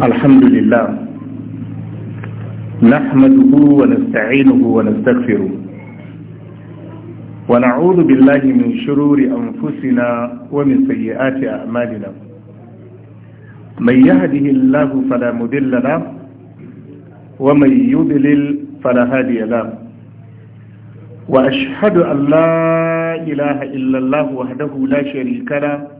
الحمد لله نحمده ونستعينه ونستغفره ونعوذ بالله من شرور أنفسنا ومن سيئات أعمالنا من يهده الله فلا مدل له ومن يضلل فلا هادي له وأشهد أن لا إله إلا الله وحده لا شريك له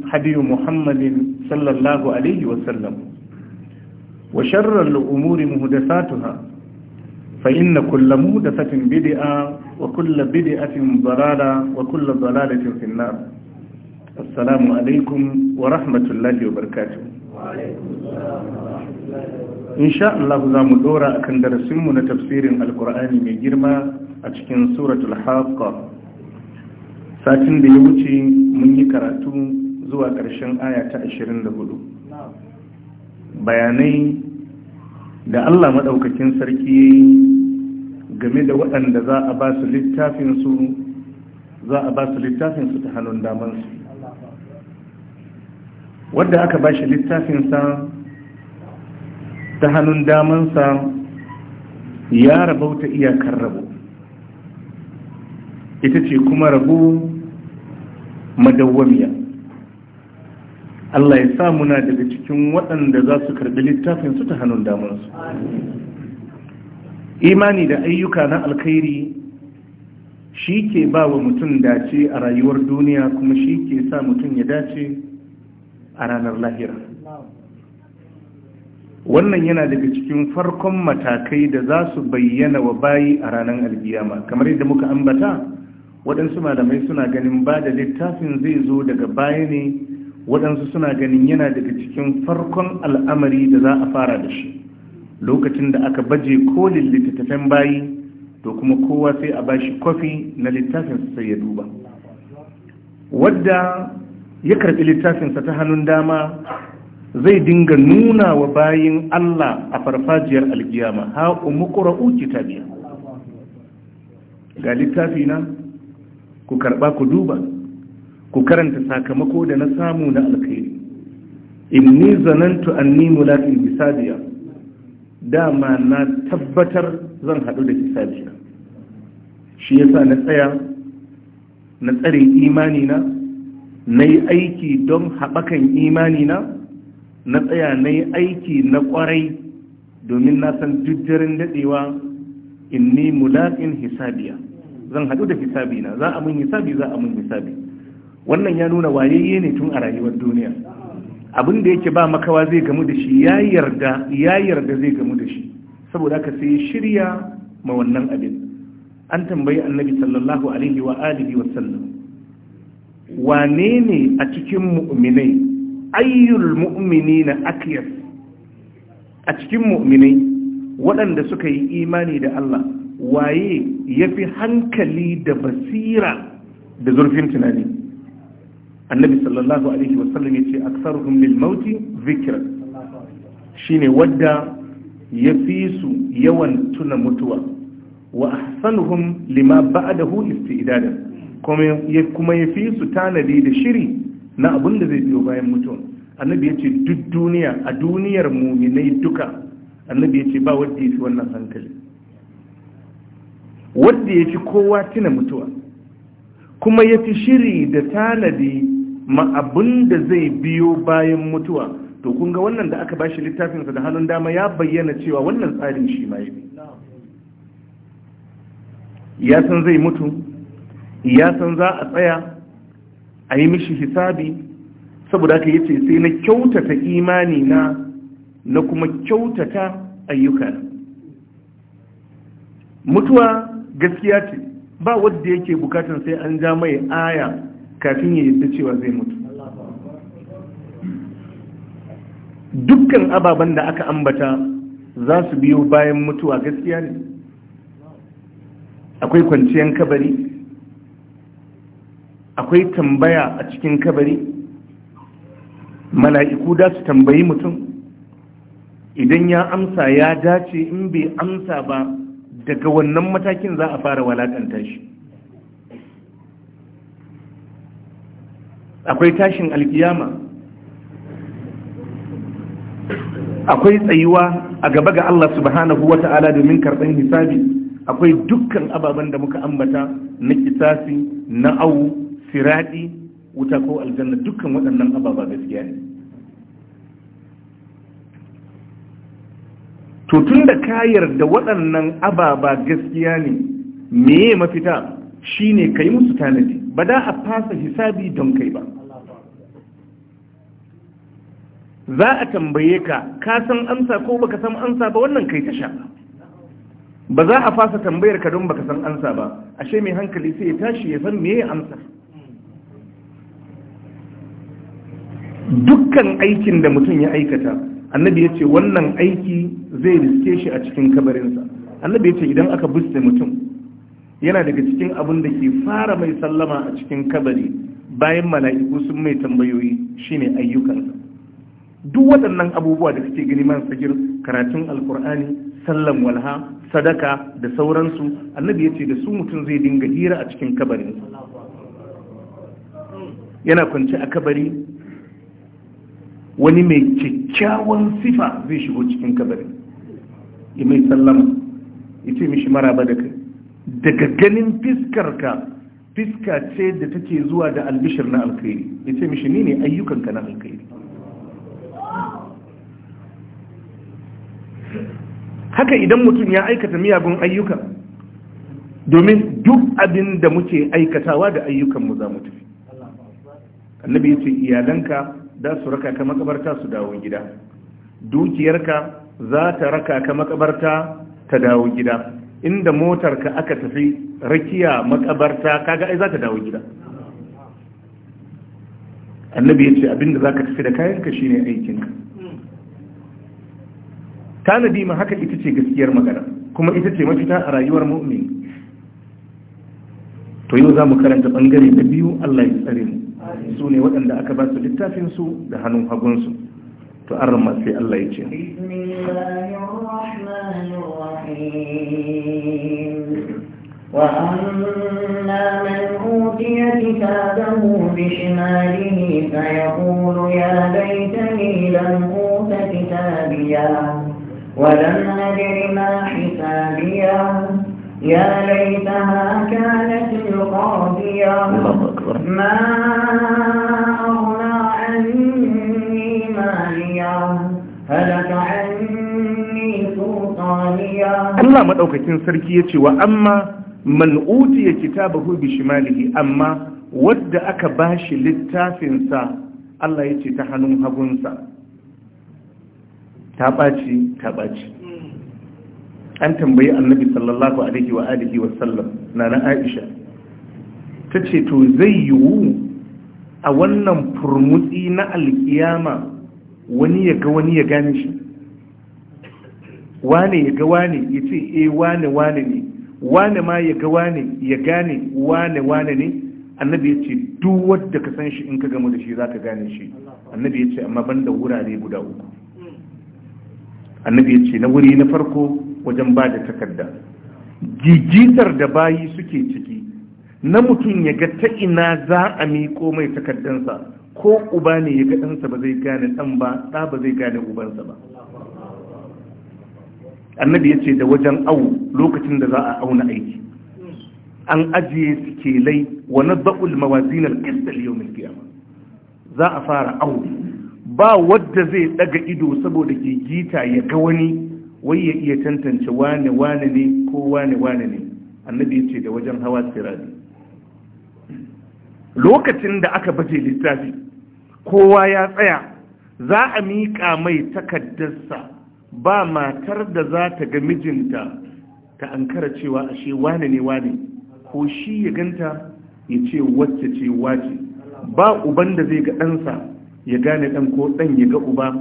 هدي محمد صلى الله عليه وسلم وشر الأمور مهدفاتها فإن كل مهدفة بدئة وكل بدئة ضلالة وكل ضلالة في النار السلام عليكم ورحمة الله وبركاته وعليكم السلام ورحمة الله وبركاته إن شاء الله ذا مدورة أكن درسمنا تفسير القرآن من جرمى أتكين سورة الحاقة satin da ya wuce mun yi karatu zuwa ƙarshen aya ta 24 bayanai da Allah maɗaukakin sarki ya yi game da waɗanda za a ba su littafinsu za a ba su littafinsu ta hannun damansu wadda aka ba shi littafinsa ta hannun damansa ya rabauta iyakar rabo ita ce kuma rabu madawwamiya Allah ya sa muna daga cikin waɗanda za su karɓi littafin su ta hannun damansu imani da ayyuka na alkhairi shi ke ba wa mutum dace a rayuwar duniya kuma shi ke sa mutum ya dace a ranar lahira wannan yana daga cikin farkon matakai da za su bayyana wa bayi a ranar alkiyama kamar yadda muka ambata waɗansu malamai suna ganin ba da littafin zai zo daga baya ne waɗansu suna ganin yana daga cikin farkon al'amari da za a fara da shi lokacin da aka baje kolin littattafan bayi to kuma kowa sai a bashi kwafi na littafinsa sai ya duba wadda ya karɓi littafinsa ta hannun dama zai dinga nuna wa bayin Allah a farfajiyar algiyama ha ta kitabiya ga littafina ku karɓa ku duba ku karanta sakamako da na samu na alkhairi inni zanantu anni mulaqin bisabiya dama na tabbatar zan hadu da bisabiya shi yasa na tsaya na tsare imani na nayi aiki don haɓakan imani na na tsaya nayi aiki na kwarai domin na san jujjarin dadewa inni mulaqin hisabiya zan hadu da hisabina za a mun hisabi za a mun hisabi wannan ya nuna wayayye ne tun a rayuwar duniya abin da yake ba makawa zai gamu da shi ya yarda ya yarda zai gamu da shi saboda ka sai shirya ma wannan abin an tambayi annabi sallallahu alaihi wa alihi wa sallam wane ne a cikin mu'minai ayyul mu'minina akyas a cikin mu'minai waɗanda suka yi imani da Allah waye yafi hankali da basira da zurfin tunani annabi sallallahu alaihi wasallam ya ce aksaruhum lil mauti zikra shine wadda ya fi su yawan tuna mutuwa wa ahsanuhum lima ba'dahu istidada kuma ya kuma ya fi su tanadi da shiri na abin da zai biyo bayan mutuwa annabi ya ce duk duniya a duniyar muminai duka annabi ya ce ba wadda ya fi wannan hankali wanda ya fi kowa tuna mutuwa kuma ya fi shiri da tanadi ma abin da zai biyo bayan mutuwa to kun ga wannan da aka bashi littafinsa da hannun dama ya bayyana cewa wannan tsarin shi ma yi ya san zai mutu ya san za a tsaya a yi mishi hisabi saboda haka yace sai na kyautata imani na na kuma kyautata ayyuka mutuwa gaskiya ce ba wadda yake bukatan sai an ja mai aya kafin ya yadda cewa zai mutu dukkan ababen da aka ambata za su biyo bayan mutuwa gaskiya ne akwai kwanciyar kabari akwai tambaya a cikin kabari mala'iku da su tambayi mutum idan ya amsa ya dace in bai amsa ba daga wannan matakin za a fara walakanta shi akwai tashin alkiyama akwai tsayuwa a gaba ga Allah subhanahu wa ta'ala domin karɓar hisabi akwai dukkan ababen da muka ambata na kitasi na awu siradi wuta ko aljanna dukkan waɗannan ababa gaskiya ne to tun da ka yarda waɗannan ababa gaskiya ne meye mafita Shi ne ka yi musu tanadi ba da a fasa hisabi don kai ba za a tambaye ka ka san amsa ko baka san amsa ba wannan kai ta sha ba za a fasa tambayar ka don baka san amsa ba ashe mai hankali sai ya tashi ya san meye amsa dukkan aikin da mutum ya aikata annabi ya ce wannan aiki zai riske shi a cikin kabarinsa annabi ya ce idan aka buste mutum yana daga cikin abin da ke fara mai sallama a cikin kabari bayan mala'iku sun mai tambayoyi shine ayyukansa duk waɗannan abubuwa da suke gani man sagir karatun alkur'ani sallan walha sadaka da sauransu annabi ya ce da su mutum zai dinga hira a cikin kabarin yana kwance a kabari wani mai kyakkyawan sifa zai shigo cikin kabarin ya mai sallama ya ce mishi maraba da kai daga ganin fiskarka fiska ce da take zuwa da albishir na alkhairi ya ce mishi ni ne ayyukanka na alkhairi haka idan mutum ya aikata miyagun ayyuka domin duk abin da muke aikatawa da ayyukanmu za mu tafi annabi ya ce iyalanka za su raka ka makabarta su dawo gida dukiyarka za ta raka ka makabarta ta dawo gida inda motar ka aka tafi rakiya makabarta kaga ai zaka dawo gida annabi ya ce abinda za ka tafi da kayanka shine aikinka tanadi ma haka ita ce gaskiyar magana kuma ita ce mafita a rayuwar mu'min to yau za mu karanta bangare na biyu allah ya tsare mu su ne waɗanda aka ba su littafinsu da hannun hagunsu to an rama sai allah ya ce وأما من أوتي كتابه بشماله فيقول يا ليتني لم أوت كتابيا ولم أدر ما حسابيا يا ليتها كانت القاضية ما أغنى عني ماليا هلك عني Allah maɗaukakin sarki ya ce wa amma man utiya hu bi shimalihi amma wadda aka bashi littafinsa Allah ya ce ta hannun hagunsa ta ɓaci ta ɓaci an tambayi annabi sallallahu alaihi wa alihi wa sallam na Aisha ta ce to zai yiwu a wannan furmutsi na alkiyama wani ya ga wani ya gane shi wane ya ga wane ya ce e wane wane ne wane ma ya ga wane ya gane wane wane ne annabi ya ce duk wadda ka san shi in ka gamu da shi za ka gane shi annabi ya ce amma ban da wurare guda uku annabi ya ce na wuri na farko wajen ba da takarda jijitar da bayi suke ciki na mutum ya ga ta ina za a miƙo mai takardansa ko uba ne ya ga ɗansa ba zai gane ɗan ba ɗa ba zai gane ubansa ba annabi ya ce da wajen au lokacin da za a auna aiki an ajiye sikelai wa na mawazin mawazinar kistar yau mai kiyama za a fara au ba wadda zai daga ido saboda ke gita ya ga wani wai ya iya tantance wane wane ne ko wane wane ne annabi ya ce da wajen hawa sirari lokacin da aka baje littafi kowa ya tsaya za a miƙa mai takardarsa. ba matar da za ta ga mijinta ta ankara cewa ashe wane ne wane ko shi ya ganta ya ce wacce ce wace ba uban da zai ga ɗansa ya gane ɗan ko ɗan ya ga uba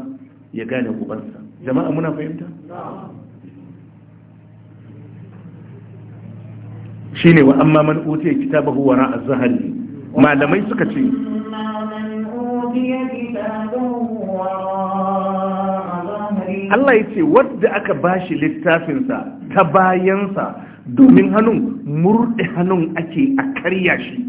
ya gane ubansa jama'a muna fahimta? shi ne wa amma man utiya kitabahu wara az-zahari malamai suka ce Allah ya ce wadda aka bashi littafinsa ta bayansa domin hannun murɗe hannun ake a karya shi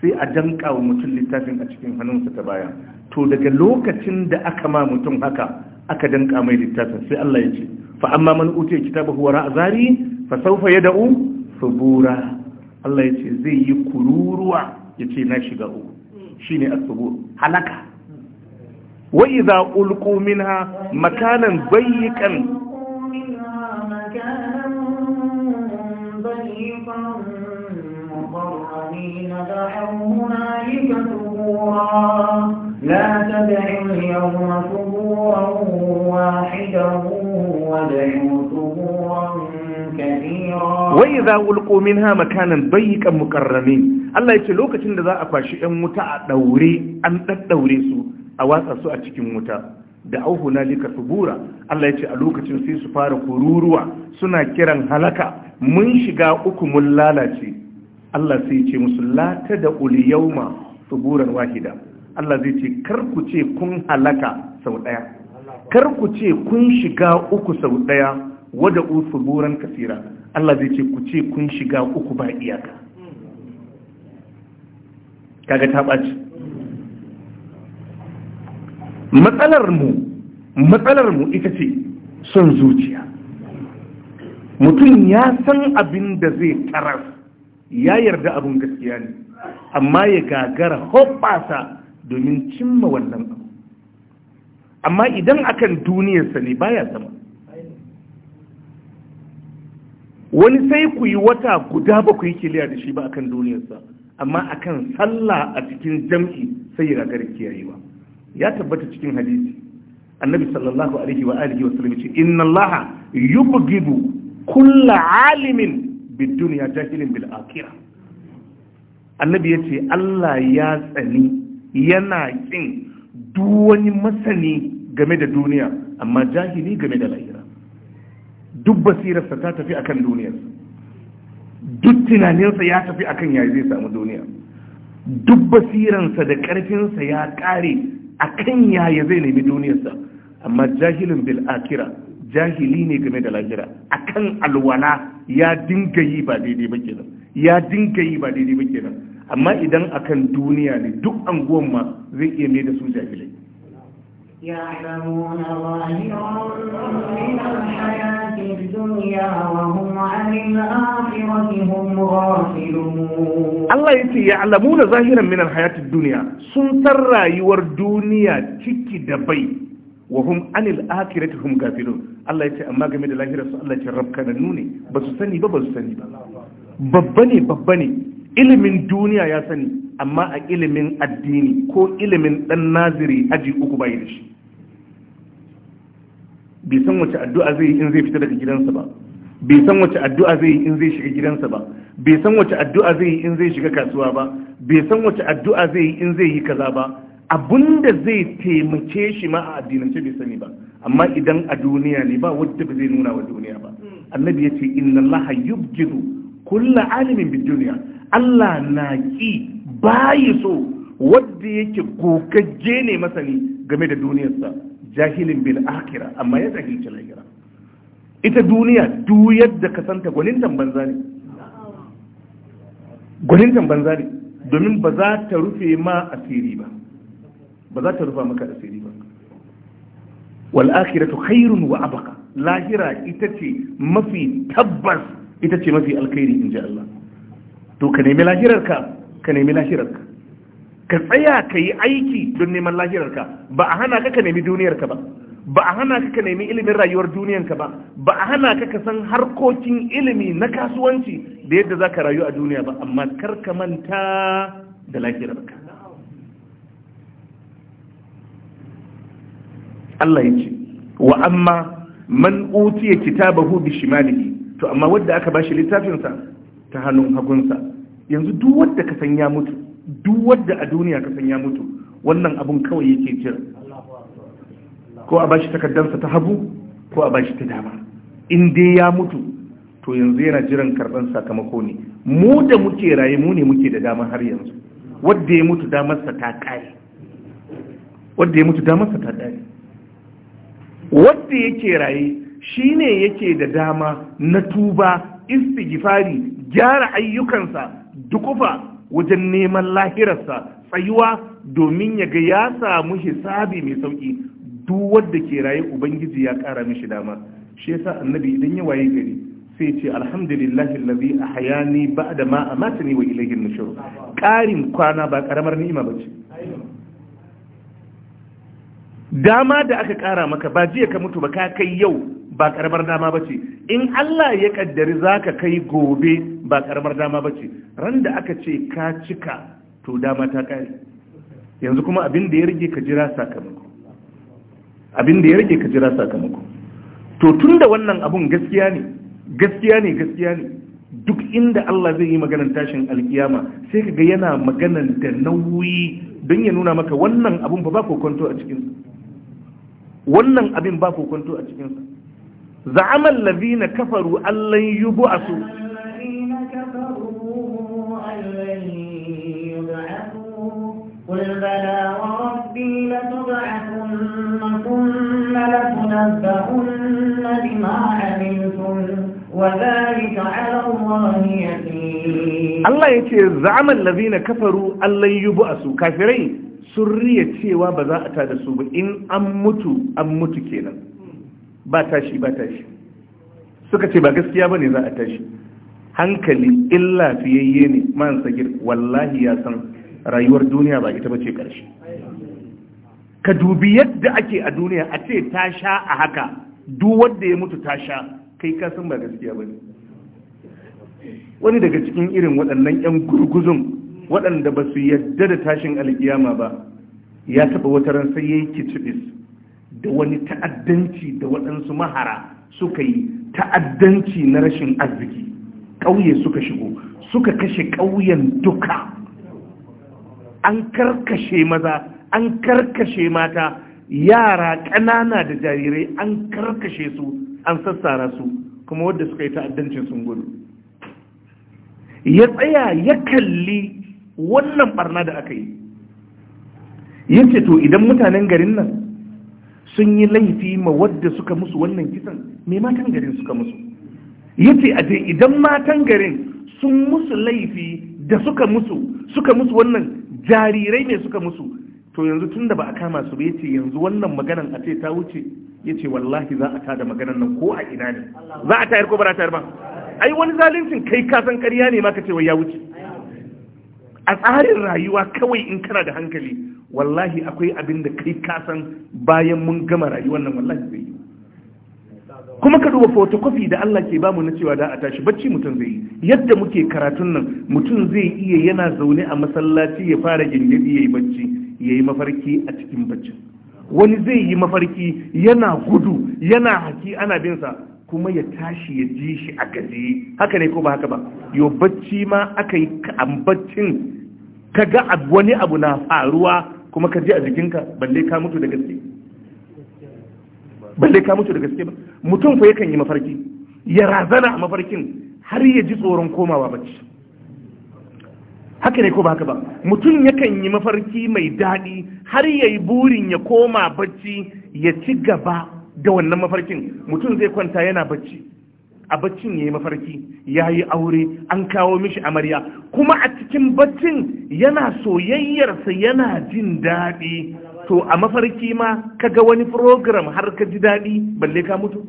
sai a danka wa mutum littafin a cikin hannunsa ta baya to daga lokacin da aka ma mutum haka aka danka mai littafin sai Allah ya ce fa amma man utiya kitabahu wara azari fa sawfa yad'u subura Allah ya ce zai yi kururuwa ya ce na shiga uku shine asubur halaka wa idza ulqu minha makanan dayyiqan لا تدعوا اليوم ثبورا واحدا وادعوا ثبورا كثيرا وإذا ألقوا منها مكانا ضيقا مقرنين الله يقول لك إن ذا أفاشي أن متع دوري أن تدوري سوء a watsa su a cikin wuta da auhu na lika subura Allah ya ce a lokacin sai su fara kururuwa suna kiran halaka mun shiga uku mun lalace Allah sai ce musu lata da uli yauma suburan wahida Allah zai ce kar ku ce kun halaka sau daya kar ku ce kun shiga uku sau daya wada u suburan kasira Allah zai ce ku ce kun shiga uku ba iyaka kaga ta ɓaci matsalar mu matsalar mu ita ce son zuciya mutum ya san abin da zai tarar ya yarda abin gaskiya ne amma ya gagara hoɓasa domin cimma wannan abu amma idan akan duniyarsa ne baya zama wani sai ku yi wata guda ba ku yi kiliya da shi ba akan duniyarsa amma akan sallah a cikin jam'i sai ya gagara kiyayewa ya tabbata cikin hadisi annabi sallallahu alaihi wa alihi wa sallam ce inna allaha yubghidu kull alimin bid dunya jahilin bil akhirah annabi yace Allah ya tsani yana kin duk wani masani game da duniya amma jahili game da lahira duk basirarsa ta tafi akan duniyarsa duk tunaninsa ya tafi akan yayi zai samu duniya duk basiransa da karfinsa ya kare. a kan yaya zai nemi duniyarsa amma jahilin bil akira jahili ne game da lahira a kan alwala ya dinga yi ba daidai ba kenan ya dinga yi ba daidai ba kenan amma idan akan duniya ne duk anguwan ma zai iya mai da su jahilai Allah ya ce ya lamu da zahirar minan hayatar duniya sun san rayuwar duniya ciki da bai. Wa hukumani da ake zata humna Allah ya Amma game da zahirarsu Allah ya ce ne, ba su sani ba su sani. Babba ne, babba ne, ilimin duniya ya sani, amma a ilimin addini ko ilimin ɗan naziri aji uku ba ya dace. bai san wace addu'a zai yi in zai fita daga gidansa ba bai san wace addu'a zai yi in zai shiga gidansa ba bai san wace addu'a zai yi in zai shiga kasuwa ba bai san wace addu'a zai yi in zai yi kaza ba abinda zai taimake shi ma a addinance bai sani ba amma idan a duniya ne ba wadda ba zai nuna wa duniya ba annabi ya ce inna allaha yubghidu kulla alimin bid duniya Allah na ki bayi so wadda yake gogagge ne masani game da duniyarsa jahilin bil akhirah amma ya jahilci lahira ita duniya du yadda ka santa gwanintan banza ne gwanintan banza ne domin ba za ta rufe ma asiri ba ba za ta rufa maka asiri ba wal akhiratu khairun wa abqa lahira ita ce mafi tabbas ita ce mafi alkhairi inji Allah to ka nemi lahirarka ka nemi lahirarka ka tsaya ka yi aiki don neman lahirarka ba a hana ka ka nemi duniyarka ba ba a hana ka ka nemi ilimin rayuwar duniyarka ba ba a hana ka ka san harkokin ilimi na kasuwanci da yadda za ka rayu a duniya ba amma kar ka manta da lahirarka Allah ya ce wa amma man utiya kitabahu bi shimalihi to amma wadda aka bashi littafinsa ta hannun hagunsa yanzu duk wanda ka san ya mutu duk wadda a duniya ka san ya mutu wannan abun kawai yake jira ko a bashi takaddarsa ta hagu ko a bashi ta dama in dai ya mutu to yanzu yana jiran karban sakamako ne mu da muke raye mu ne muke da dama har yanzu wadda ya mutu damarsa ta kare wadda ya mutu damarsa ta kare wadda yake raye shine yake da dama na tuba istighfari gyara ayyukansa dukufa wajen neman lahirarsa tsayuwa domin ya ga ya samu hisabi mai sauƙi. duk wanda ke raye ubangiji ya kara mishi dama shi yasa annabi idan ya waye gari sai ce alhamdulillahi allazi ahyani ba'da ma amatani wa ilayhi nushur karin kwana ba karamar ni'ima bace dama da aka kara maka ba jiya ka mutu ba ka kai yau ba karamar dama ba ce in Allah ya kaddari za ka kai gobe ba karamar dama ba ce ran da aka ce ka cika to dama ta kare yanzu kuma abin da ya rage ka jira sakamako abin da ya rage ka jira sakamako to tun da wannan abun gaskiya ne gaskiya ne gaskiya ne duk inda Allah zai yi maganar tashin alkiyama sai ka ga yana maganar da nauyi don ya nuna maka wannan abun ba ba kwanto a cikinsa wannan abin ba kwanto a cikinsa زعم الذين كفروا أن لن يبعثوا قل بلى وربي لتبعثن ثم لتنبؤن بما عملتم وذلك على الله يسير الله يتي زعم الذين كفروا أن لن يبعثوا كافرين سرية cewa ba za a tada su ba in an mutu an mutu kenan ba tashi ba tashi suka ce ba gaskiya ba ne za a tashi hankali illa fiyayye ne man sagir wallahi ya san rayuwar duniya ba ita ba ce ƙarshe ka dubi yadda ake a duniya a ce ta sha a haka duk wanda ya mutu ta sha kai ka san ba gaskiya ba ne wani daga cikin irin waɗannan 'yan gurguzun waɗanda ba su yadda da tashin alkiyama ba ya taɓa wata ran sai ya yi kicibis da wani ta'addanci da waɗansu mahara suka yi ta'addanci na rashin arziki ƙauye suka shigo suka kashe ƙauyen duka an karkashe maza an karkashe mata yara ƙanana da jarirai an karkashe su an sassara su kuma wadda suka yi ta'addanci sun gudu ya tsaya ya kalli wannan barna da aka yi yace to idan mutanen garin nan sun yi laifi ma wadda suka musu wannan kisan mai matan garin suka musu yace a je idan matan garin sun musu laifi da suka musu suka musu wannan jarirai ne suka musu to yanzu tun da ba a kama su ba yace yanzu wannan maganan a ce ta wuce yace wallahi za a tada maganan nan ko a ina ne za a tayar ko ba za a ba ai wani zalincin kai kasan san ƙarya ne ma ka ce wai ya wuce a tsarin rayuwa kawai in kana da hankali wallahi akwai abin da kai kasan bayan mun gama rayuwar nan wallahi zai yi kuma ka duba photocopy da Allah ke bamu na cewa da a tashi bacci mutum zai yi yadda muke karatun nan mutum zai iya yana zaune a masallaci ya fara ya yayi bacci yayi mafarki a cikin bacci. wani zai yi mafarki yana gudu yana haki ana bin sa kuma ya tashi ya ji shi a gaji haka ne ko ba haka ba yo bacci ma aka yi an baccin ka ga wani abu na faruwa kuma ka ji a jikinka balle ka mutu da gaske balle ka mutu da gaske ba mutum fa yakan yi mafarki ya razana a mafarkin har ya ji tsoron komawa bacci haka ne ko ba haka ba mutum yakan yi mafarki mai daɗi har ya yi burin ya koma bacci ya ci gaba da wannan mafarkin mutum zai kwanta yana bacci a baccin ya yi mafarki ya yi aure an kawo mishi amarya kuma a cikin baccin yana soyayyarsa yana jin daɗi to a mafarki ma ka ga wani program har ka ji daɗi balle ka mutu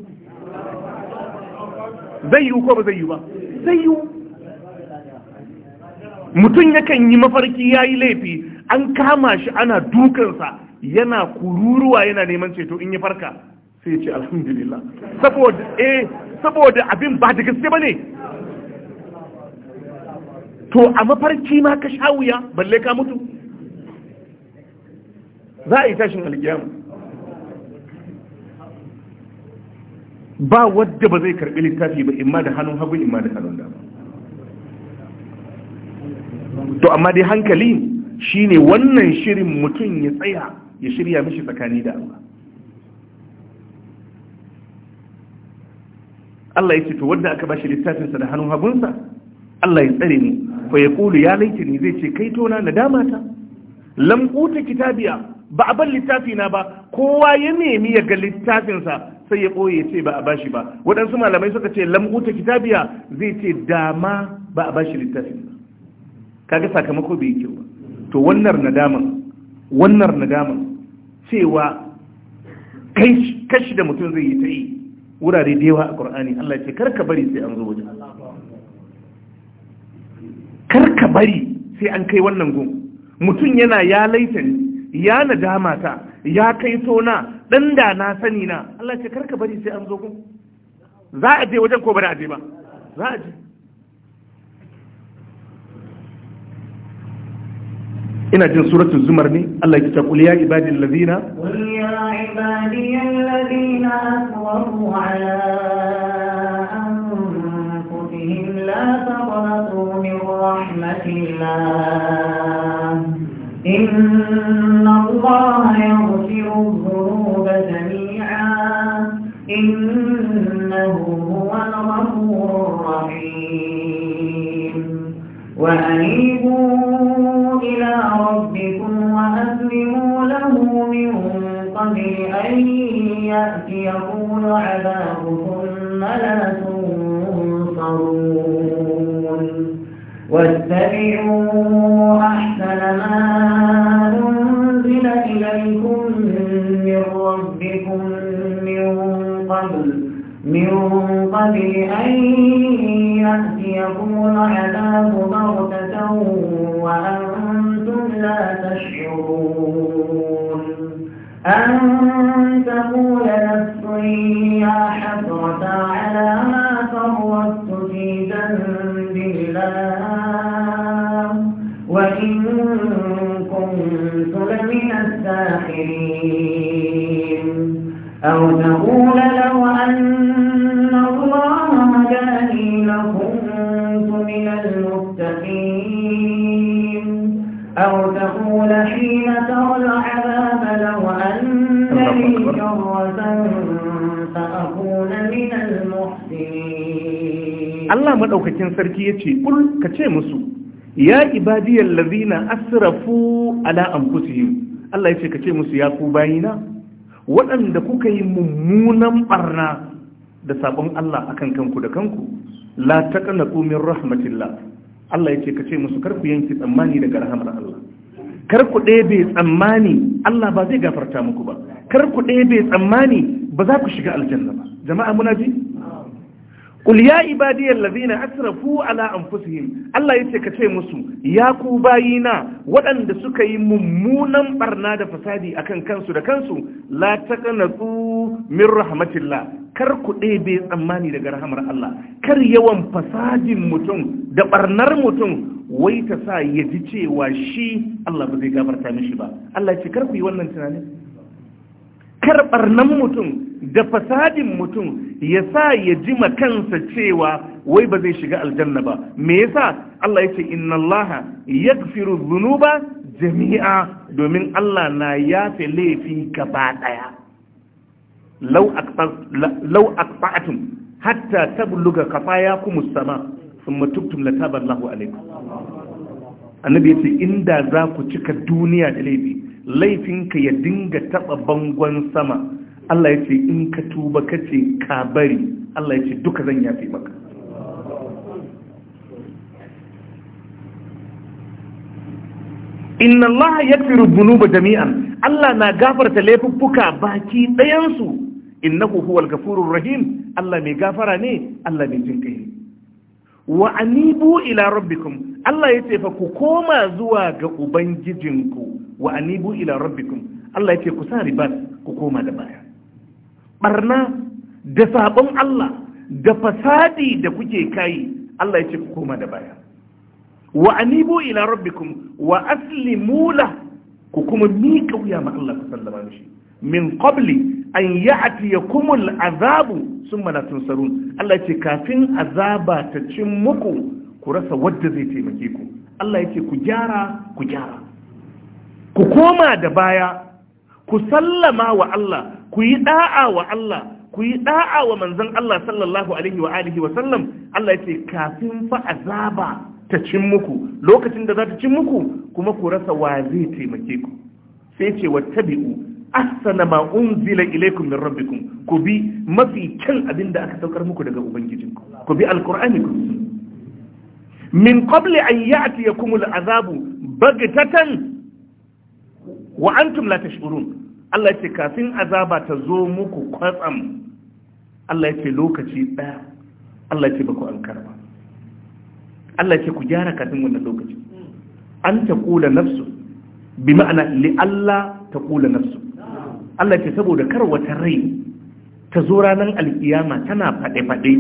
zai yi ko ba zai yi ba zai yi mutum yakan yi mafarki ya yi laifi an kama shi ana dukansa yana kururuwa yana neman ceto in ya farka sai ce alhamdulillah saboda eh saboda abin ba da gaske ba ne to a mafarki ma ka sha wuya balle ka mutu za a yi tashin alkiyama ba wadda ba zai karbi littafi ba imma da hannun hagu imma da hannun dama to amma dai hankali shine wannan shirin mutum ya tsaya ya shirya mishi tsakani da Allah Allah ya ce to wanda aka bashi littafin sa da hannun hagunsa Allah ya tsare ni fa ya kulu ya ni zai ce kai tona nadama ta lam kitabiya ba a bar littafi na ba kowa ya nemi ya ga littafin sa sai ya boye ce ba a bashi ba waɗansu malamai suka ce lambuta kitabiya zai ce dama ba a bashi littafin ba kaga sakamako bai yi ba to wannan nadaman wannan nadaman cewa kashi da mutum zai yi ta yi wurare da yawa a ƙar'ani Allah ce karka bari sai an zo wajen karka bari sai an kai wannan gun mutum yana ya laifin ya nadama ta ya kai tona ɗan da na sani na Allah ce karka bari sai an zo gun za a je wajen ko ba da a je ba za a je ina jin suratul zumar ne Allah ya taqul ya ibadi ladina qul ya ibadiyal ladina asrafu ala anfusihim la taqnatu min rahmatillah inna allaha yaghfiru dhunuba jami'a innahu huwal ghafurur rahim wa anibu ربكم وأسلموا له من قبل أن يأتيكم العذاب ثم لا تنصرون واتبعوا أحسن ما أنزل إليكم من ربكم من قبل من قبل أن يأتيكم العذاب بغتة وأنتم يشعرون أن تقول نفس sarki ya ce ƙul ka ce musu ya ibadiyar lazina asrafu ala anfusihim Allah ya ce ka ce musu ya ku bayina waɗanda kuka yi mummunan ɓarna da sabon Allah akan kanku da kanku la ƙana min rahmatillah Allah ya ce ka ce musu karku yanki tsammani daga rahamar Allah karku ɗebe tsammani Allah ba zai gafarta muku ba karku ɗebe tsammani ba za ku shiga aljanna ba jama'a muna ji Kul ya ibadiyar lazina asrafu ala anfusihim Allah yace ka ce musu ya ku bayina waɗanda suka yi mummunan barna da fasadi akan kansu da kansu la taqnatu min rahmatillah kar ku ɗebe tsammani daga rahamar Allah kar yawan fasadin mutum da barnar mutum wai ta sa ya ji cewa shi Allah ba zai gafarta mishi ba Allah ya ce kar ku yi wannan tunanin Karɓar nan mutum da fasadin mutum ya sa ya ji kansa cewa wai ba zai shiga aljanna ba me yasa Allah ya ce inna Allah yaghfiru dhunuba jami'a domin Allah na yafe laifi gaba daya law aqta'tum hatta tabluga kafayakum as-sama thumma tubtum lataba Allahu alaykum annabi ya ce inda za ku cika duniya da laifi laifinka ya dinga taba bangon sama Allah ya ce in ka tuba ka ce ka bari Allah ya ce duka zan yafe maka inna Allah ya firu zunuba jami'an Allah na gafarta laifuka baki ɗayansu innahu huwal gafurur rahim Allah mai gafara ne Allah mai jin kai wa anibu ila rabbikum Allah ya ce fa ku koma zuwa ga ubangijinku wa anibu ila rabbikum Allah yake ku sa ribat ku koma da baya barna da sabon Allah da fasadi da kuke kai Allah yake ku koma da baya wa anibu ila rabbikum wa aslimu la ku kuma miƙa wuya ma Allah ku sallama mishi min qabli an ya'tiyakumul azabu summa la tunsarun Allah yake kafin azaba ta cin muku ku rasa wadda zai taimake ku Allah yake ku gyara ku gyara ku koma da baya ku sallama wa Allah ku yi da'a wa Allah ku yi da'a wa manzon Allah sallallahu alaihi wa alihi wa sallam Allah yake kafin fa azaba ta cin muku lokacin da za ta cin muku kuma ku rasa wa zai taimake ku sai ce wa tabi'u, ahsana ma unzila ilaykum min rabbikum ku bi mafi kyan abin da aka saukar muku daga ubangijinku ku bi alqur'ani ku min qabli an ya'tiyakum al'azabu bagtatan wa antum la tashurun Allah ya ce kafin azaba ta zo muku kwatsam Allah ya ce lokaci ɗaya Allah ya ce baku an karba Allah ya ce ku gyara kafin wannan lokaci an ta kula nafsu bi ma'ana li Allah ta kula nafsu Allah ya ce saboda kar wata rai ta zo ranar alkiyama tana fade fade.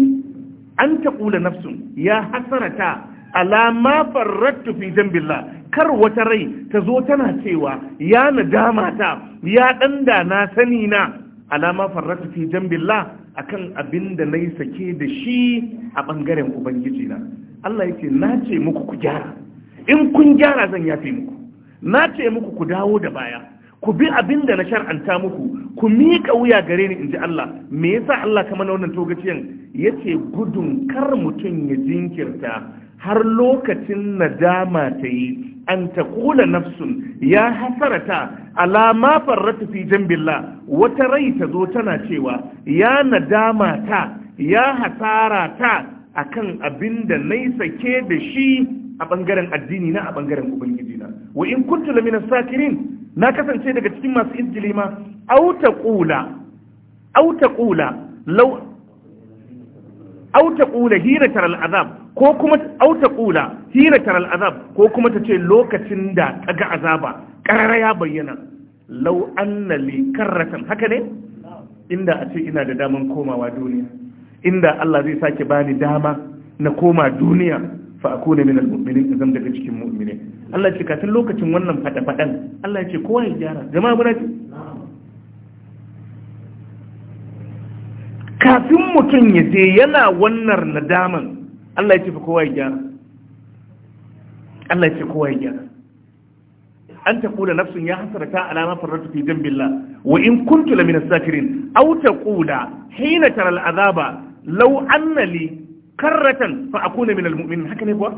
an ta kula nafsu ya hasarata alama farrattu fi jambillah kar wata rai ta zo tana cewa ya nadama ta ya da na sani na alama farrata fi jambillah akan abin da na sake da shi a bangaren ubangiji na Allah yake na ce muku ku gyara in kun gyara zan yafe muku na ce muku ku dawo da baya ku bi abin da na shar'anta muku ku miƙa wuya gare ni in ji Allah me yasa Allah ka mana wannan togaciyan yace gudun kar mutum ya jinkirta har lokacin nadama ta yi an ta kula nafsun ya hasarata alama farrata fi jambilla wata rai ta zo tana cewa ya nadama ta ya hasara ta akan abin da nai sake da shi a ɓangaren addini na a bangaren ubangiji na wa in kuntu lamina sakirin na kasance daga cikin masu injili ma au taqula au taqula law au taqula ko kuma au taqula ko kuma tace lokacin da ga azaba karara ya bayyana law anna li karratan haka ne inda a ce ina da daman komawa duniya inda Allah zai sake bani dama na koma duniya fa kone min almu'minin zan daga cikin mu'mine Allah ya ce kafin lokacin wannan fada fadan Allah ya ce kowa ya gyara jama'a muna ce. kafin mutum ya je yana wannan nadaman Allah ya ce fa kowa ya gyara Allah ya ce kowa ya gyara an taqula nafsun ya hasrata ala ma farratu fi dambillah wa in kuntu lamina sakirin aw taqula hina tara al'azaba law anna li karratan fa akuna min almu'minin haka ne kuwa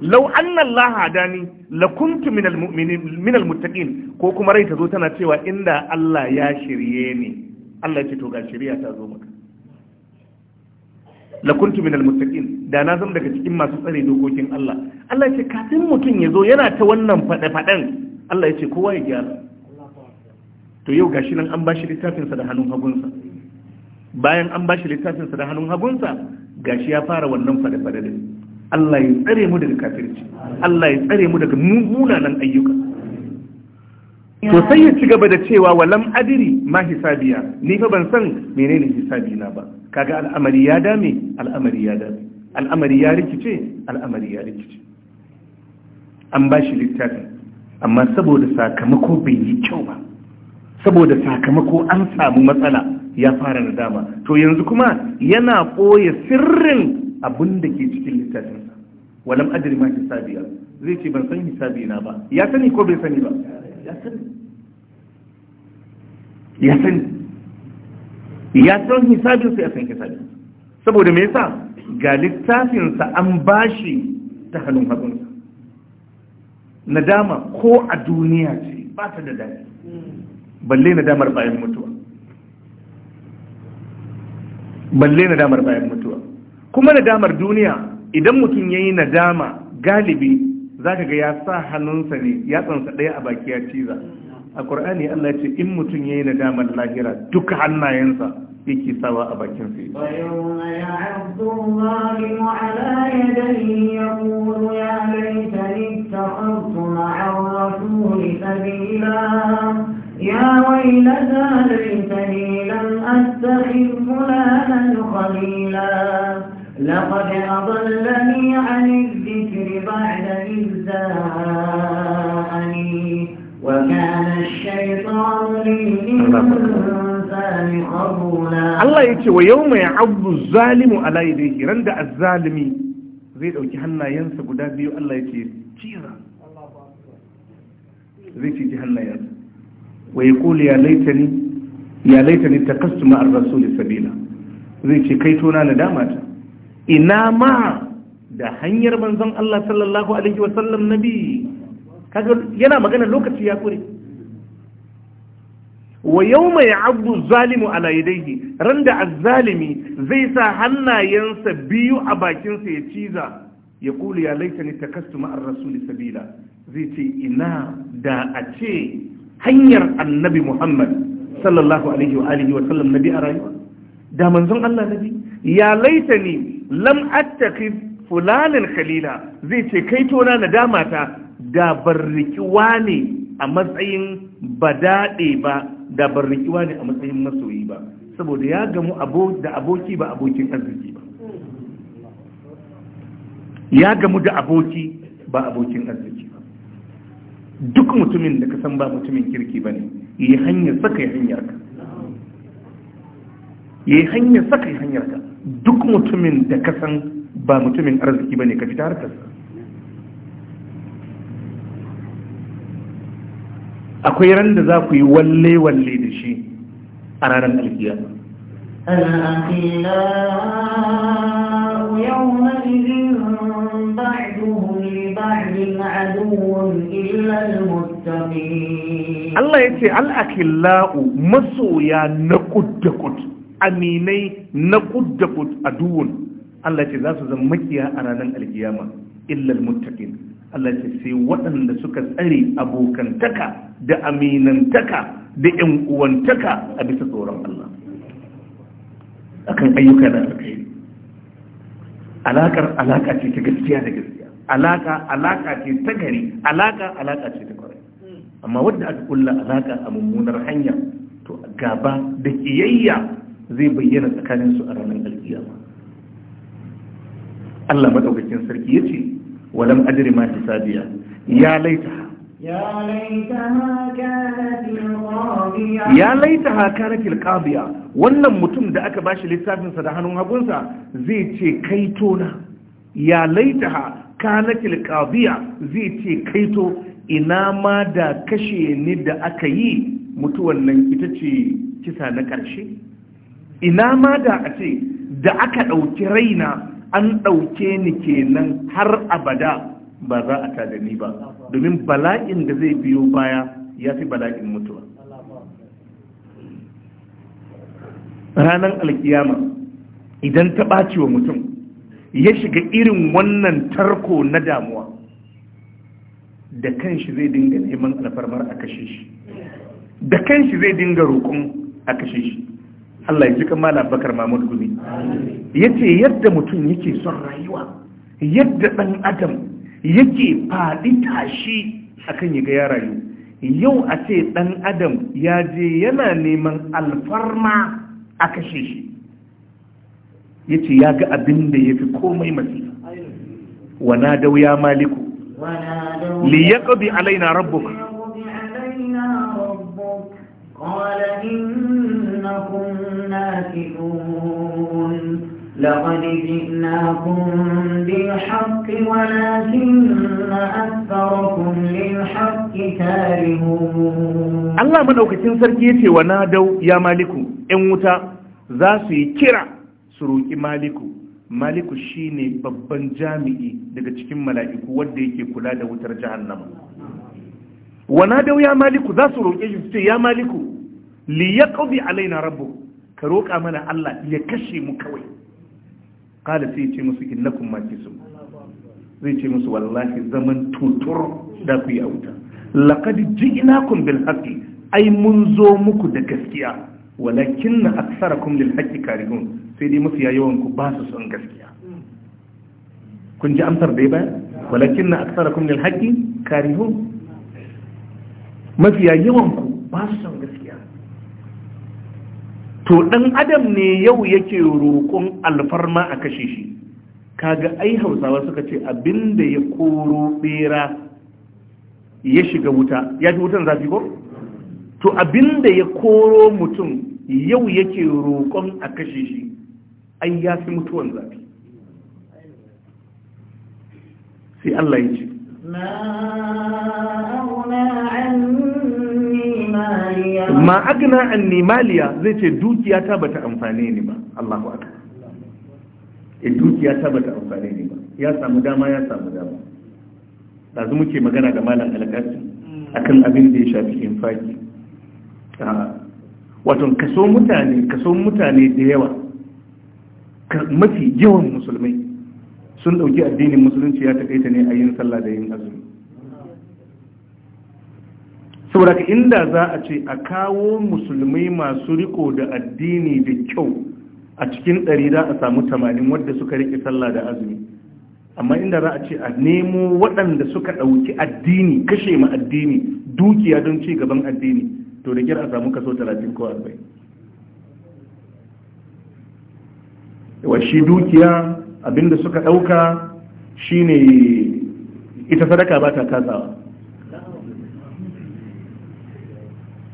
law anna Allah hadani lakuntu min almu'minin min almuttaqin ko kuma rai ta zo tana cewa inda Allah ya shirye ni Allah ya ce to ga shiriya ta zo maka lakuntu min almuttaqin da na zama daga cikin masu tsare dokokin Allah Allah ya ce kafin mutum ya zo yana ta wannan fada fadan Allah ya ce kowa ya gyara to yau gashi nan an bashi littafin sa da hannun hagunsa bayan an ba shi littafinsa da hannun hagunsa gashi ya fara wannan fada-fada da Allah ya tsare mu daga kafirci Allah ya tsare mu daga munanan ayyuka to sai ya ci gaba da cewa walam adiri ma hisabiya ni fa ban san menene hisabi na ba kaga al'amari ya dame al'amari ya dame al'amari ya rikice al'amari ya rikice an ba shi littafin amma saboda sakamako bai yi kyau ba saboda sakamako an samu matsala ya fara nadama to yanzu kuma yana ɓoye sirrin abin da ke cikin littafinsa walam ajiri ma hisabiya zai ce ban san hisabi na ba ya sani ko bai sani ba ya sani ya sani ya san hisabinsa ya san hisabinsa saboda me yasa ga littafinsa an bashi ta hannun hagunsa nadama ko a duniya ce ba ta da daɗi balle nadamar bayan mutuwa balle na damar bayan mutuwa kuma na damar duniya idan mutum ya yi na dama galibi za ka ga ya sa hannunsa ne ya tsansa ɗaya a baki ya ciza a ƙur'ani allah ce in mutum ya yi na damar lahira duka hannayensa yake sawa a bakin sai ya يا ويلتى ليتني لم أتخذ فلانا خليلا لقد أضلني عن الذكر بعد إذ جاءني وكان الشيطان للإنسان خذولا الله يتي ويوم يعض الظالم على يديه رند الظالمي zai ɗauki hannayensa guda biyu Allah ya ce tira zai ce hannayensa wa yaqulu ya laitani ya laitani taqassu ma ar-rasul sabila zai ce kai tona nadama ta ina ma da hanyar manzon Allah sallallahu alaihi wa sallam nabi kaga yana magana lokaci ya kure wa yawma ya'abdu zalimu ala yadayhi randa Zalimi zai sa hannayensa biyu a bakin sa ya ciza ya kula ya laitani takassuma ar-rasul sabila zai ce ina da a ce hanyar annabi Muhammad sallallahu alaihi wa alihi wa sallam nabi a rayuwa da manzon Allah nabi ya laitani lam attakhid fulanin khalila zai ce kai tona nadama ta da barrikiwa ne a matsayin ba daɗe ba da barrikiwa ne a matsayin masoyi ba saboda ya gamu da aboki ba abokin arziki ba ya gamu da aboki ba abokin arziki duk mutumin da ka san ba mutumin kirki ba ne yi hanyar saka yi hanyar ka yi hanyar saka yi hanyar ka duk mutumin da ka san ba mutumin arziki ba ne ka fita harkar akwai ran da za ku yi walle-walle da shi a ranar alkiya الأخلاء يومئذ Allah ya ce إلا المتقين الله يتي الأكلاء مسويا نقد دقد أميني نقد Allah ce za su zama makiya a ranar alkiyama illal muttaqin Allah ce sai waɗanda suka tsare abokantaka da aminantaka da ƴan uwantaka a bisa tsoron Allah akan ayyuka da alkhairi alakar alaka ce ta gaskiya da gaskiya alaka alaka ce ta gari alaka alaka ce ta kwarai amma wadda aka kulla alaƙa a mummunar hanya to gaba da kiyayya zai bayyana tsakanin su a ranar alkiyama Allah madaukakin sarki yace walam adri ma hisabiya ya laita ya laita ha ha al wannan mutum da aka bashi lissafinsa da hannun hagunsa zai ce kaitona ya laita ka na qadiya zai ce kaito ina ma da kashe ni da aka yi mutuwan nan ita ce kisa na ƙarshe ina ma da a ce da aka ɗauki raina an ɗauke ni kenan har abada ba za a da ni ba domin bala'in da zai biyo baya ya fi bala'in mutuwa ranar alkiyama idan ta ɓaci wa mutum ya shiga irin wannan tarko na damuwa da kanshi zai dinga neman alfarmar a kashe shi da kanshi zai dinga roƙon a kashe shi Allah ya ji kan mala bakar mamud gumi ya ce yadda mutum yake son rayuwa yadda ɗan adam yake faɗi tashi akan yaga ga ya rayu yau a ce ɗan adam ya je yana neman alfarma a kashe shi ya ce ya ga abin da ya fi komai masu na dau ya maliku liyaka bi alaina rabbuk لقد جئناكم بالحق ولكن أكثركم للحق كارهون الله من أوكتين سركيتي ونادوا يا 'yan wuta za su yi kira su roƙi maliku maliku shine babban jami'i daga cikin mala'iku wanda yake kula da wutar jahannama wana dau ya maliku za su roƙe shi ce ya maliku li yaqdi alaina rabbu ka roƙa mana Allah ya kashe mu kawai qala sai ce musu innakum makisum zai ce musu wallahi zaman tutur da ku yi a wuta laqad ji'nakum bil haqqi ai mun zo muku da gaskiya walakin na aksarakum lil haqqi karihun sai dai mafiya yawan ku ba su son gaskiya kun ji amsar dai ba walakin na aksarakum lil haqqi karihun mafiya yawan ku ba su son gaskiya to dan adam ne yau yake roƙon alfarma a kashe shi kaga ai hausawa suka ce abinda ya koro bera ya shiga wuta ya ji wutan zafi ko to abinda ya koro mutum yau yake roƙon a kashe shi ai ya fi mutuwan zafi sai Allah ya ce ma agna an maliya zai ce dukiya ta bata amfane ni ba Allahu akbar e eh, dukiya ta bata amfane ni ba ya samu dama ya samu dama dazu muke magana da malam alƙasi mm. akan abin da ya shafi infaki ah, wato kaso mutane kaso mutane da yawa mafi yawan musulmai sun ɗauki addinin musulunci ya takaita ne a yin sallah da yin azumi saboda ka inda za a ce a kawo musulmai masu riko da addini da kyau a cikin ɗari za a samu tamanin wadda suka rike sallah da azumi amma inda za a ce a nemo waɗanda suka ɗauki addini kashe ma addini dukiya don ci gaban addini to da kira a samu kaso 30 ko 40 wa dukiya abinda suka dauka shine ita sadaka ba ta kasawa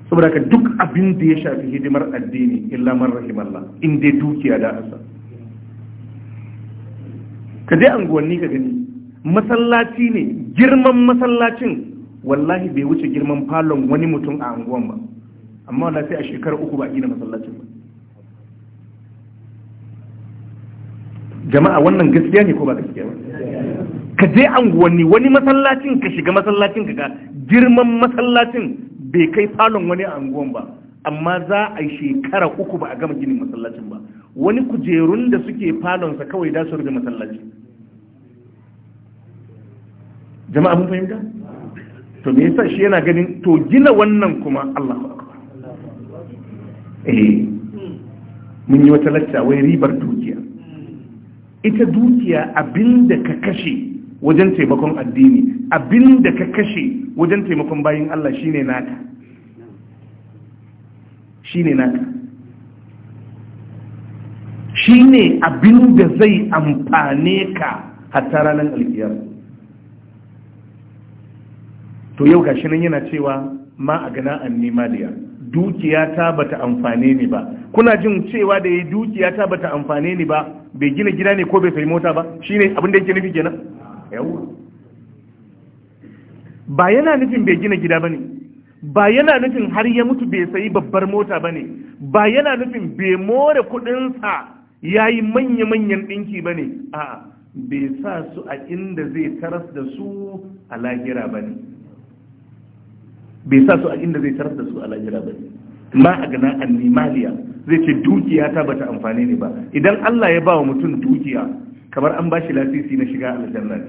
saboda ka duk abinda ya shafi hidimar addini illa man rahimallah inda dukiya da asa ka je anguwanni ka gani masallaci ne girman masallacin wallahi bai wuce girman falon wani mutum a anguwan ba amma wallahi sai a shekarar uku ba gina masallacin ba jama'a wannan gaskiya ne ko ba gaskiya ba ka je anguwanni wani masallacin ka shiga masallacin ka ga girman masallacin bai kai falon wani anguwan ba amma za a yi shekara uku ba a gama ginin masallacin ba wani kujerun da suke falonsa kawai da su rufe masallaci jama'a mun fahimta to me yasa shi yana ganin to gina wannan kuma Allah eh mun yi wata lacca wai ribar dukiya ita dukiya abinda ka kashe wajen taimakon addini abinda ka kashe wajen taimakon bayin Allah shine naka shine naka shine abinda zai amfane ka hatta ranar alkiyar to yau gashi nan yana cewa ma a gana an nimaliya dukiya ta bata amfane ni ba kuna jin cewa da yayi dukiya ta bata amfane ni ba bai gina gida ne ko bai sayi mota ba shine abin da yake nufi kenan yawa ba yana nufin bai gina gida bane ba yana nufin har ya mutu bai sayi babbar mota bane ba yana nufin bai more sa yayi manya-manyan dinki bane a'a bai sa su a inda zai taras da su a lahira bane bai sa su a inda zai tarar da su a lahira ba ma a gana annimaliya zai ce dukiya ta bata amfani ne ba idan Allah ya ba wa mutum dukiya kamar an ba shi lasisi na shiga aljanna ne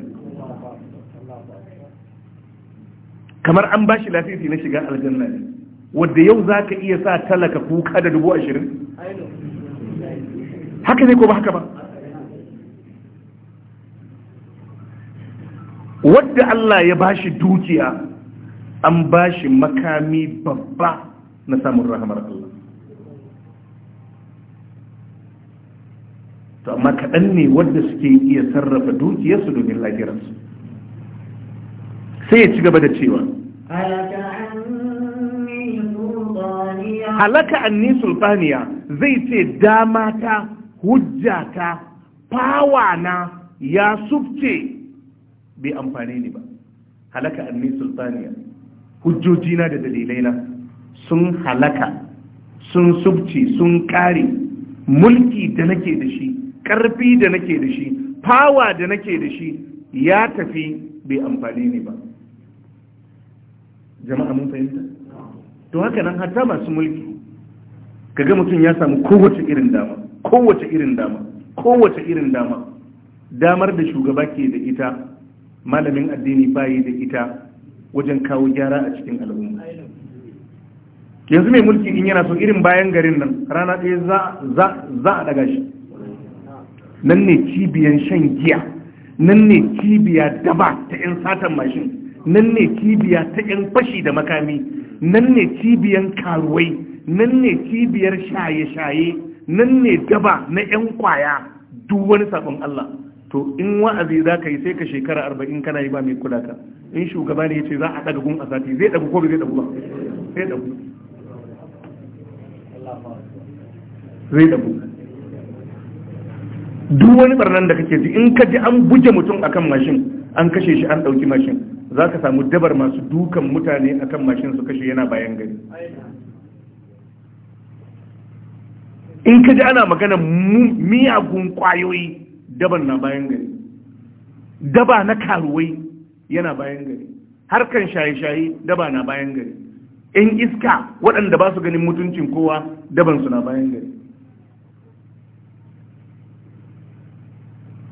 kamar an ba shi lasisi na shiga aljanna ne wadda yau za ka iya sa talaka kuka da dubu ashirin haka ne ko ba haka ba wadda Allah ya ba shi dukiya an ba shi makami babba na samun rahamar Allah to amma kaɗan ne wadda suke iya sarrafa dukiyarsu domin lafiyarsu sai ya ci gaba da cewa halaka ni sultaniya zai ce dama ta hujja ta fawa na ya sufce bai amfani ne ba halaka ni sultaniya hujjojina da dalilaina sun halaka sun subce sun kare mulki da nake da shi ƙarfi da nake da shi fawa da nake da shi ya tafi bai amfani ne ba jama'a mun fahimta to haka nan hatta masu mulki kaga mutum ya samu kowace irin dama kowace irin dama kowace irin dama damar da shugaba ke da ita malamin addini bayi da ita wajen kawo gyara a cikin al'umma yanzu mai mulki in yana so irin bayan garin nan rana ɗaya za a daga shi nan ne cibiyan shan giya nan ne cibiya daba ta 'yan satan mashin nan ne cibiya ta 'yan fashi da makami nan ne cibiyan karuwai nan ne cibiyar shaye-shaye nan ne daba na 'yan kwaya duk wani sabon Allah to in wa'azi za ka yi sai ka shekara arba'in kana yi ba mai kula in shugaba ne ya ce za a ɗaga gun a sati zai ɗagu ko zai ɗagu ba zai ɗagu zai ɗagu duk wani barnan da kake ji in ka ji an buje mutum akan mashin an kashe shi an ɗauki mashin za ka samu dabar masu dukan mutane akan mashin su kashe yana bayan gari in ka ji ana magana miyagun kwayoyi daban na bayan gari daba na karuwai yana bayan gari harkan shaye-shaye daba na bayan gari in iska waɗanda ba su ganin mutuncin kowa daban su na bayan gari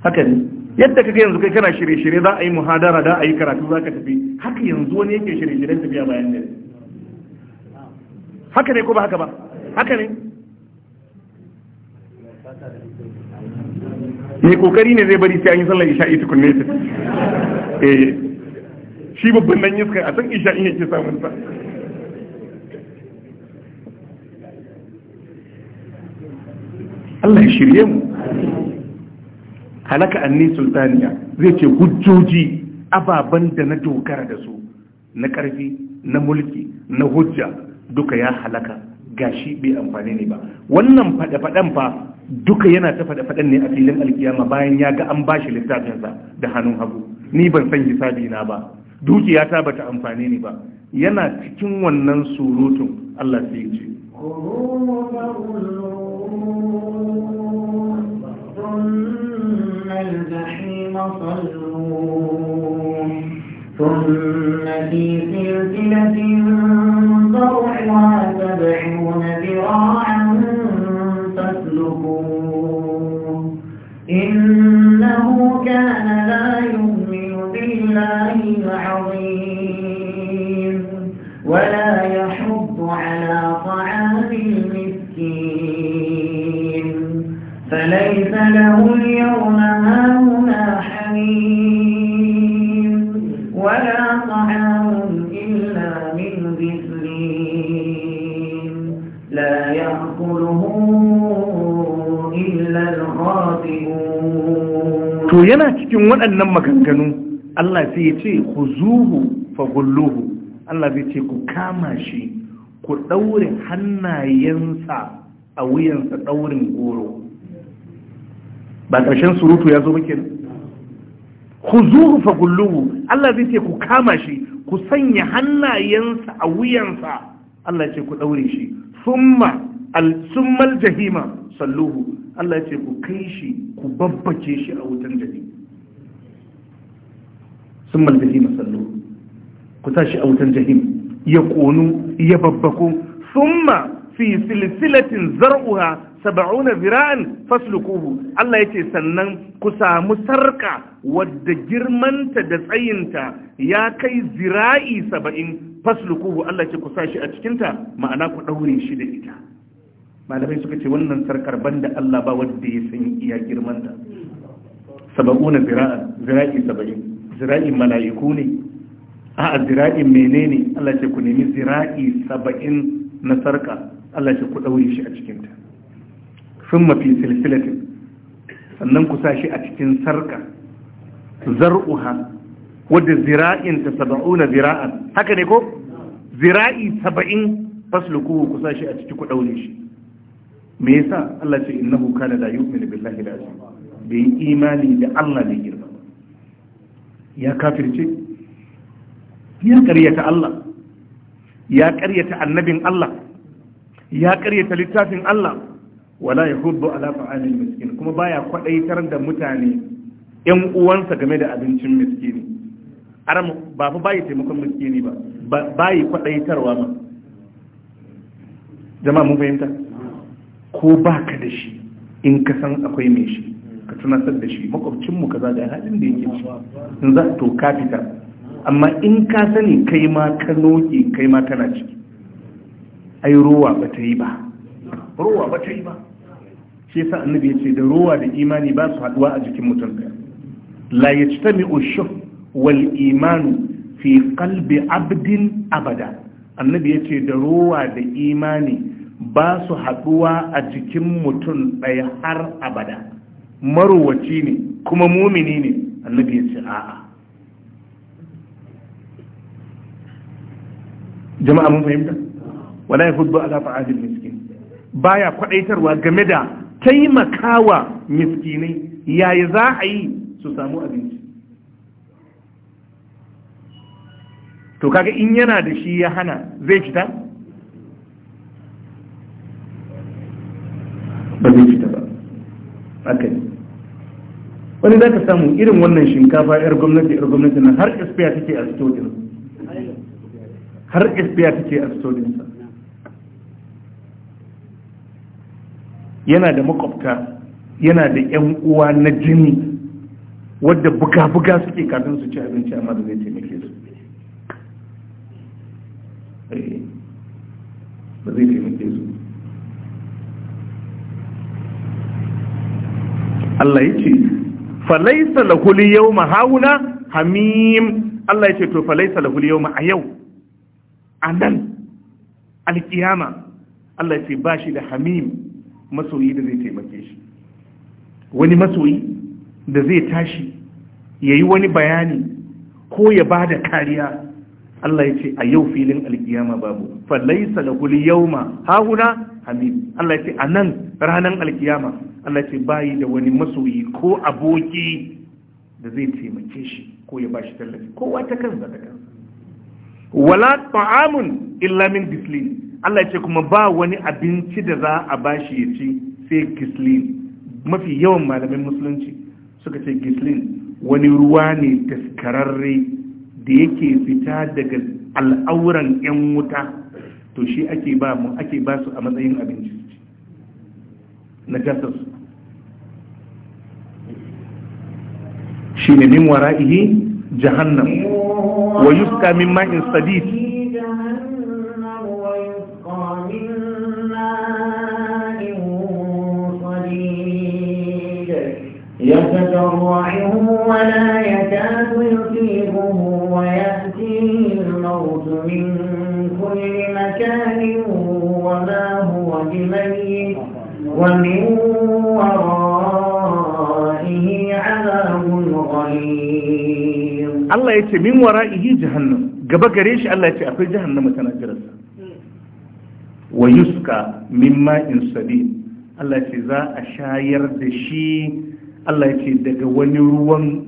haka ne yadda kaga yanzu kai kana shirye-shirye za a yi muhadara da a yi karatu za ka tafi haka yanzu wani yake shirye-shiryen tafiya bayan gari haka ne ko ba haka ba haka ne mai kokari ne zai bari sai an yi sallar isha'i kunne ta eh shi babban nan iska a san isha'i yake samun sa Allah ya shirye mu halaka annin sultaniya zai ce hujjoji ababan da na dogara da su na ƙarfi na mulki na hujja duka ya halaka gashi bai amfani ne ba wannan faɗe-faɗen fa duka yana ta faɗe-faɗen ne a filin alkiyama bayan ya ga an bashi littafinsa da hannun hagu ni ban san hisabi na ba dukiya ta bata amfani ne ba yana cikin wannan surutun Allah sai ce ثم في سلسلة فله to yana cikin waɗannan maganganu Allah sai ya ce ku zuhu fa gulluhu Allah zai ce ku kama shi ku ɗaure hannayensa a wuyansa ɗaurin goro ba ƙarshen surutu ya zo muke ku zuhu fa gulluhu Allah zai ce ku kama shi ku sanya hannayensa a wuyansa Allah ce ku ɗaure shi summa al-summal jahima salluhu Allah ce ku kai shi ku babbace shi a wutan jahim summal jahima salluhu ku sa shi a wutan jahim ya ƙonu ya babbako summa fi silsilatin zar'uha saba'una zira'an fasluquhu Allah yace sannan ku samu sarka wadda girmanta da tsayinta ya kai zira'i saba'in fasluquhu Allah ce ku sashi a cikin ta ma'ana ku daure shi da ita malamai suka ce wannan sarkar banda Allah ba wanda ya san iya girmanta saba'una zira'an zira'i saba'in zira'in mala'iku ne a zira'in menene Allah ce ku nemi zira'i saba'in na sarka Allah ce ku daure shi a cikin ta sun mafi silsilatin sannan ku sa shi a cikin sarka zar'uha wadda zira'in ta saba'una zira'an haka ne ko zira'i saba'in fasluku ku sa shi a ciki ku daure shi me yasa Allah ce innahu kana la yu'minu billahi al-azim bai imani da Allah ne girma ya kafirce ya karyata Allah ya karyata annabin Allah ya karyata littafin Allah wala ya yahuddu ala ta'amil miskin kuma baya kwadaitar da mutane yan uwansa game da abincin miskini aram ba fa bayi taimakon miskini ba bayi kwadaitarwa ma jama'a mun fahimta ko baka da shi in ka san akwai mai shi ka tunatar da shi mu kaza da halin da yake ci in za to ka fita amma in ka sani kai ma ka noke kai ma kana ciki ai ruwa ba ta yi ba rowa ba ta yi ba shi yasa annabi ya ce da rowa da imani ba su haduwa a jikin mutum ɗaya la yajtami'u shuh wal imanu fi qalbi abdin abada annabi ya ce da rowa da imani ba su haduwa a jikin mutum ɗaya har abada Maruwaci ne kuma mumini ne annabi ya ce a'a jama'a mun fahimta wala ya ala fa'adil miskin baya kwadaitarwa game da taimakawa miskinai yayi za a yi su samu abinci to kaga in yana da shi ya hana zai fita ba zai fita ba akai. wani za ka samu irin wannan shinkafa yar gwamnati yar gwamnati nan har ispiya take a stodin har ispiya take a stodinsa yana da makwabta yana da yan uwa na jini wadda buga-buga suke kafin su ci abinci amma da zai taimake su eh, ba zai taimake su Allah ya ce falaisa lahuli yau mahauna hamim Allah ya ce to falaisa lahuli yau a yau a nan alkiyama Allah ya ce ba shi da hamim masoyi da zai taimake shi wani masoyi da zai tashi ya yi wani bayani ko ya ba da kariya Allah ya ce a yau filin alkiyama babu fallaisa da kuli yau ma hahuna hamid Allah ya ce a nan ranar alkiyama Allah ya ce bayi da wani masoyi ko aboki da zai taimake shi ko ya ba shi tallafi kowa ta kansa da kansa wala ta'amun illa min Allah ce kuma ba wani abinci da za a bashi ya ci sai gislin mafi yawan malamin musulunci suka ce gislin wani ruwa ne taskararre da yake fita daga al'auran 'yan wuta to shi ake ba mu ake ba su a matsayin abinci na jasas shi ne min wara'ihi jahannam wa yuska min ma'in sadid يتجرعه ولا يكاد يصيبه ويأتيه الموت من كل مكان وما هو بميت ومن ورائه عذاب غليظ الله يتي من ورائه جهنم gaba gare shi Allah ya ce akwai jahannama tana jiransa wa yuska min ma'in sabi Allah ce za a shayar da shi Allah ya ce daga wani ruwan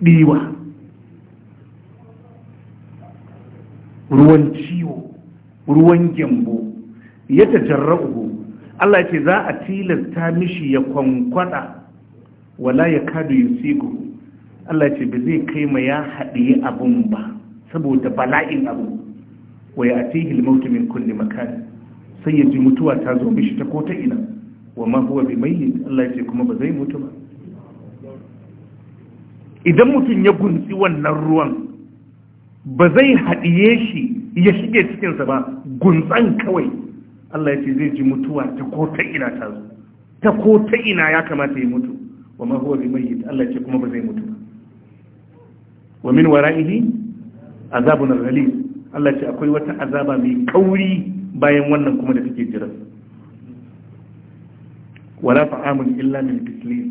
ɗiwa ruwan ciwo ruwan gyambo ya tajarra'uhu Allah ya ce za a tilasta mishi ya kwankwada wala ya kadu ya sigo Allah ya ce ba zai kai ma ya haɗe abun ba saboda bala'in abu wa ya atihil mautu min kulli makani sai ya ji mutuwa ta zo mishi ta ko ta ina wa ma huwa bi mayyit Allah yace ce kuma ba zai mutu ba idan mutum ya gunsi wannan ruwan ba zai haɗiye shi ya shige cikinsa ba guntsan kawai Allah yace ce zai ji mutuwa ta ko ta ina ta zo ta ko ta ina ya kamata ya mutu wa ma huwa bi mayyit Allah yace ce kuma ba zai mutu ba wa min wara'ihi azabun ghalib Allah yace ce akwai wata azaba mai kauri bayan wannan kuma da take jira wala ta'amun illa min bislin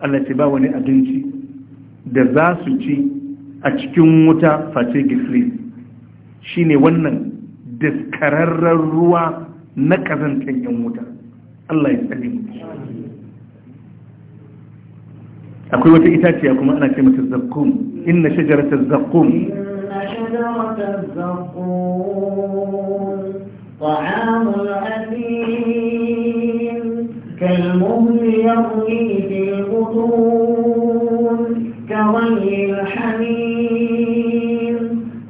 Allah ce ba wani abinci da za su ci a cikin wuta face gislin shine wannan daskararren ruwa na kazantar yan wuta Allah ya tsare akwai wata itaciya kuma ana ce mata zakkum inna shajaratal zakkum طعام كالمهل يغلي في البطون كغلي الحميم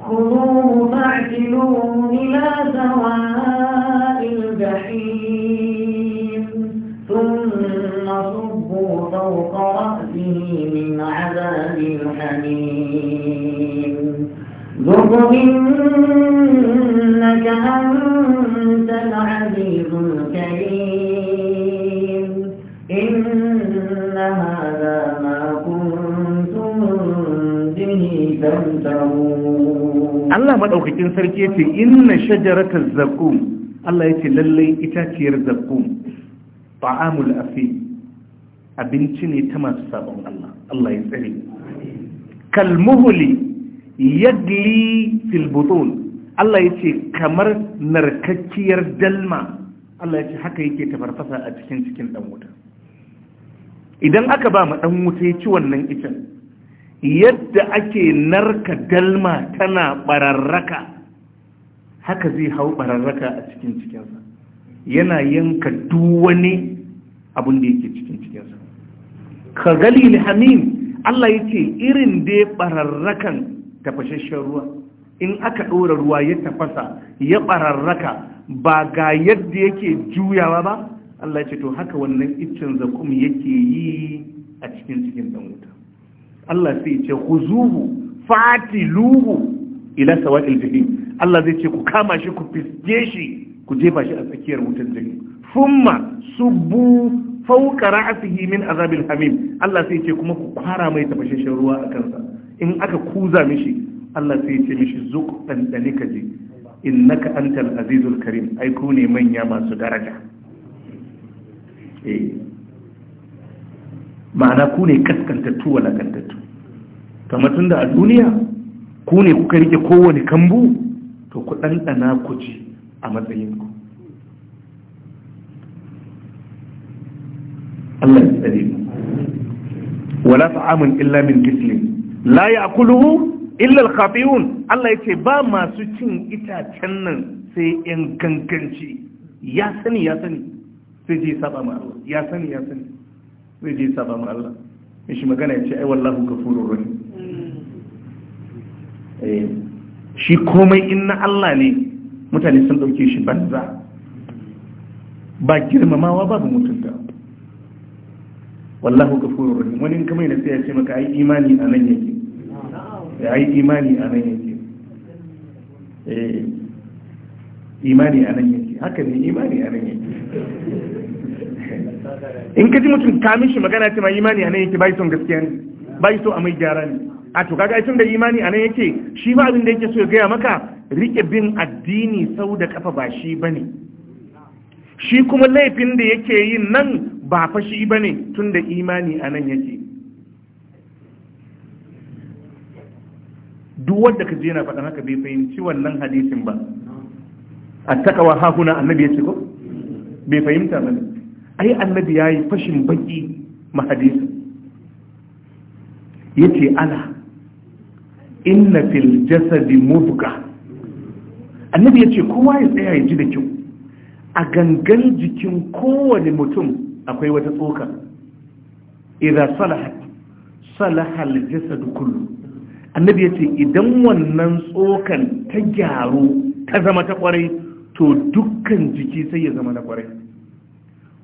خذوه فاعتلوه إلى سواء الجحيم ثم صبوا فوق رأسه من عذاب الحميم ذق من Allah madaukakin sarki yace inna shajaratal zakum Allah yace lalle itaciyar zakum ta'amul afi abinci ne ta masu sabon Allah Allah ya tsare kalmuhuli yagli fil butun Allah yace kamar narkakkiyar dalma Allah yace haka yake tafarfasa a cikin cikin dan wuta idan aka ba mu dan wuta ya ci wannan icen yadda ake narka dalma tana bararraka haka zai hau bararraka a cikin cikinsa yana yanka duwani abin da yake cikin cikinsa ka galil hamim Allah yake irin dai bararrakan tafashashen ruwa in aka ɗora ruwa ya tafasa ya bararraka ba ga yadda yake juyawa ba Allah ya ce to haka wannan iccen zakum yake yi a cikin cikin wuta Allah sai ya ce khuzuhu fatiluhu ila sawa'il jahim Allah zai ce ku kama shi ku fiske shi ku jefa shi a tsakiyar wutar jahim thumma subbu fawqa ra'sihi min azabil hamim Allah sai ya ce kuma ku kwara mai tafashashen ruwa a kansa in aka kuza mishi Allah sai ya ce mishi zuq dan dalika ji innaka antal azizul karim ai ku ne manya masu daraja eh ma'ana ku ne kaskantattu kantattu. kamar tun da a duniya ku ne kuka rike kowane kambu to ku ɗanɗana ku ci a matsayinku Allah ya tsare mu wala ta'amun illa min kislin la ya'kuluhu illa al-khati'un Allah yace ba masu cin itacen nan sai yan ganganci ya sani ya sani sai je saba ma Allah ya sani ya sani sai je saba ma Allah shi magana yace ai wallahu ghafurur rahim shi komai in na Allah ne mutane sun ɗauke shi banza ba girmamawa babu mutunta wallahu gafurur rahim wani in kamar yana sai ya ce maka ai imani a nan yake ya yi imani a nan yake eh, imani a nan yake haka ne imani a nan yake in ka ji mutum kamin shi magana ce ma imani a nan yake bai son gaskiya ne bai so a mai gyara ne a to kaga tun da imani anan yake shi ba abin da yake so ya gaya maka rike bin addini sau da kafa ba shi bane shi kuma laifin da yake yin nan ba fa shi bane tun da imani anan yake duk wanda ka je na faɗa haka bai fahimci wannan hadisin ba attaqwa ha kuna annabi ya ce ko bai fahimta ba ai annabi yayi fashin baki ma hadisin yace ala inna fil jasadi mubga annabi ya ce kowa ya tsaya ya ji da kyau a gangan jikin kowane mutum akwai wata tsoka idza salahat salaha al jasad kullu annabi ya ce idan wannan tsokan ta gyaru ta zama ta kwarai to dukkan jiki sai ya zama na kwarai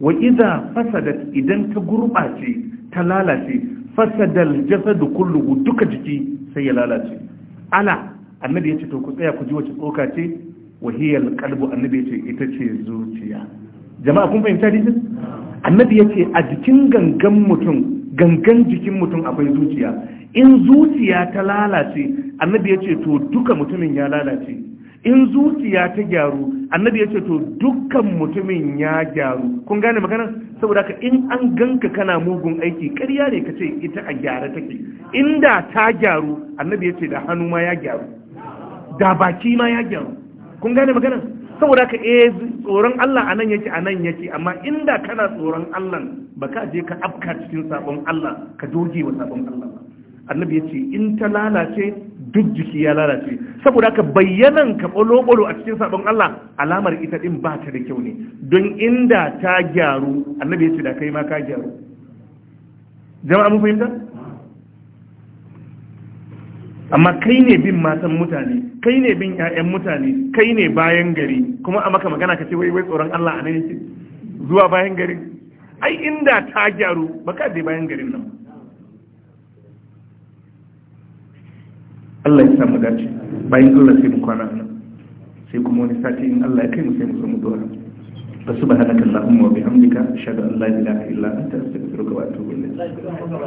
wa idza fasadat idan ta gurbace ta lalace fasadal jasadu kullu duka jiki sai ya lalace ala annabi ya to ku tsaya ku ji wace tsoka ce wahiyal qalbu annabi yace ita ce zuciya jama'a kun fahimta hadisin annabi ya a jikin gangan mutum gangan jikin mutum akwai zuciya in zuciya ta lalace annabi yace to duka mutumin ya lalace in zuciya ta gyaru annabi ya ce to dukkan mutumin ya gyaru kun gane magana saboda ka in an ganka kana mugun aiki ƙarya ne ka ce ita a gyara take inda ta gyaru annabi ya ce da hannu ma ya gyaru da baki ma ya gyaru kun gane magana saboda ka eh tsoron Allah anan yake anan yake amma inda kana tsoron Allah baka je ka afka cikin sabon Allah ka doge wa sabon Allah annabi ya ce in ta lalace duk jiki ya lalace saboda haka bayyanan ka bolo-bolo a cikin sabon Allah alamar ita din ba ta da kyau ne don inda ta gyaru annabi ya ce da kai ma ka gyaru jama'a mun fahimta amma kai ne bin matan mutane kai ne bin ƴaƴan mutane kai ne bayan gari kuma a maka magana ka ce wai wai tsoron Allah a nan yake zuwa bayan gari ai inda ta gyaru ba ka je bayan garin nan Allah ya samu dace bayan Allah sai mu kwana nan sai kuma wani sati in Allah ya kai mu sai mu zo mu subhanaka allahumma wa bihamdika ashhadu an la ilaha illa anta astaghfiruka wa atubu ilayk